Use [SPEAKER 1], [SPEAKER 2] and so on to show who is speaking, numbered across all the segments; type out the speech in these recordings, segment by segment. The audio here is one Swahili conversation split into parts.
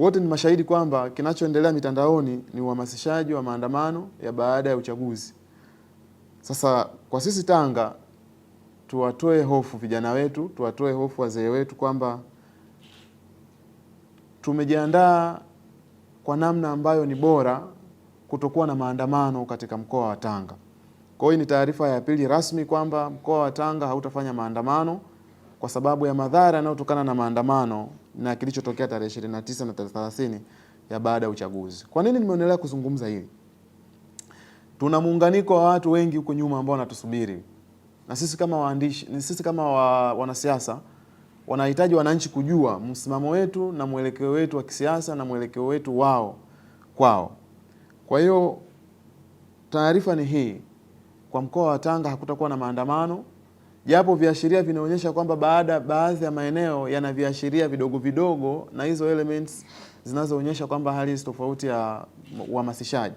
[SPEAKER 1] wote ni mashahidi kwamba kinachoendelea mitandaoni ni uhamasishaji wa maandamano ya baada ya uchaguzi. Sasa kwa sisi Tanga, tuwatoe hofu vijana wetu, tuwatoe hofu wazee wetu kwamba tumejiandaa kwa namna ambayo ni bora kutokuwa na maandamano katika mkoa wa Tanga. Kwa hiyo ni taarifa ya pili rasmi kwamba mkoa wa Tanga hautafanya maandamano kwa sababu ya madhara yanayotokana na maandamano na kilichotokea tarehe 29 na tarehe 30 ya baada ya uchaguzi. Kwa nini nimeonelea kuzungumza hili? Tuna muunganiko wa watu wengi huko nyuma ambao wanatusubiri, na sisi kama waandishi, sisi kama wa, wanasiasa wanahitaji wananchi kujua msimamo wetu na mwelekeo wetu wa kisiasa na mwelekeo wetu wao kwao. Kwa hiyo taarifa ni hii, kwa mkoa wa Tanga hakutakuwa na maandamano japo viashiria vinaonyesha kwamba baada baadhi ya maeneo yana viashiria vidogo vidogo na hizo elements zinazoonyesha kwamba hali hizi tofauti ya uhamasishaji.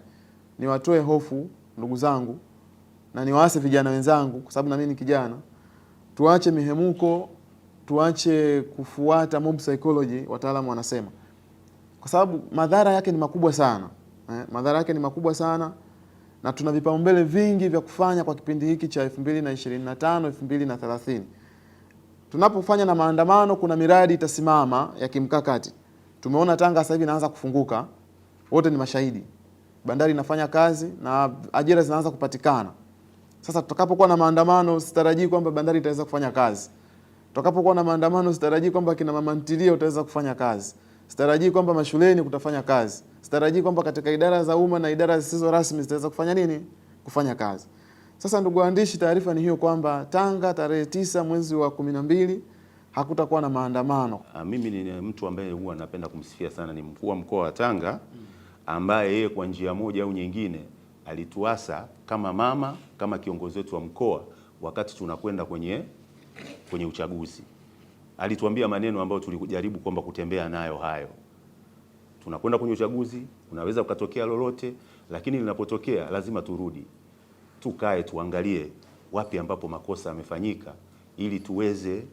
[SPEAKER 1] Niwatoe hofu ndugu zangu, na niwaase vijana wenzangu, kwa sababu na mimi ni kijana. Tuache mihemuko, tuache kufuata mob psychology, wataalamu wanasema, kwa sababu madhara yake ni makubwa sana eh, madhara yake ni makubwa sana na tuna vipaumbele vingi vya kufanya kwa kipindi hiki cha 2025 2030. Tunapofanya na maandamano, kuna miradi itasimama ya kimkakati. Tumeona Tanga sasa hivi inaanza kufunguka, wote ni mashahidi. Bandari inafanya kazi na ajira zinaanza kupatikana. Sasa tutakapokuwa na maandamano, sitarajii kwamba bandari itaweza kufanya kazi. Tutakapokuwa na maandamano, sitarajii kwamba kina mama ntilie utaweza kufanya kazi. Sitarajii kwamba mashuleni kutafanya kazi sitarajii kwamba katika idara za umma na idara zisizo rasmi zitaweza kufanya nini, kufanya kazi. Sasa ndugu waandishi, taarifa ni hiyo kwamba Tanga tarehe tisa mwezi wa kumi na mbili hakutakuwa na maandamano.
[SPEAKER 2] A, ah, mimi ni mtu ambaye huwa napenda kumsifia sana ni mkuu wa mkoa wa Tanga ambaye yeye kwa njia moja au nyingine alituasa kama mama kama kiongozi wetu wa mkoa wakati tunakwenda kwenye, kwenye uchaguzi alituambia maneno ambayo tulijaribu kwamba kutembea nayo hayo tunakwenda kwenye uchaguzi, unaweza ukatokea lolote, lakini linapotokea lazima turudi tukae, tuangalie wapi ambapo makosa yamefanyika, ili tuweze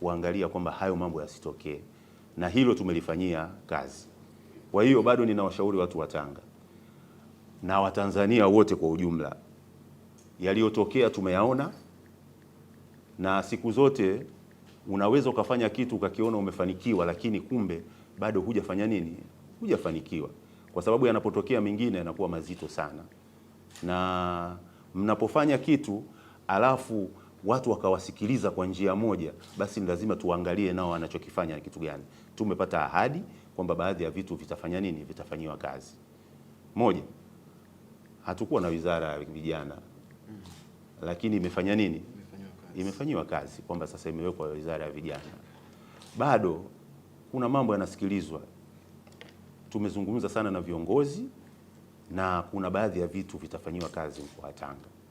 [SPEAKER 2] kuangalia kwamba hayo mambo yasitokee, na hilo tumelifanyia kazi. Kwa hiyo bado ninawashauri watu wa Tanga na Watanzania wote kwa ujumla, yaliyotokea tumeyaona, na siku zote unaweza ukafanya kitu ukakiona umefanikiwa, lakini kumbe bado hujafanya nini hujafanikiwa, kwa sababu yanapotokea mengine yanakuwa mazito sana, na mnapofanya kitu alafu watu wakawasikiliza kwa njia moja, basi ni lazima tuangalie nao wanachokifanya kitu gani. Tumepata ahadi kwamba baadhi ya vitu vitafanya nini, vitafanyiwa kazi. Moja, hatukuwa na wizara ya vijana lakini imefanya nini? Imefanyiwa kazi, kazi, kwamba sasa imewekwa wizara ya vijana. Bado kuna mambo yanasikilizwa tumezungumza sana na viongozi na kuna baadhi ya vitu vitafanyiwa kazi mkoa wa Tanga.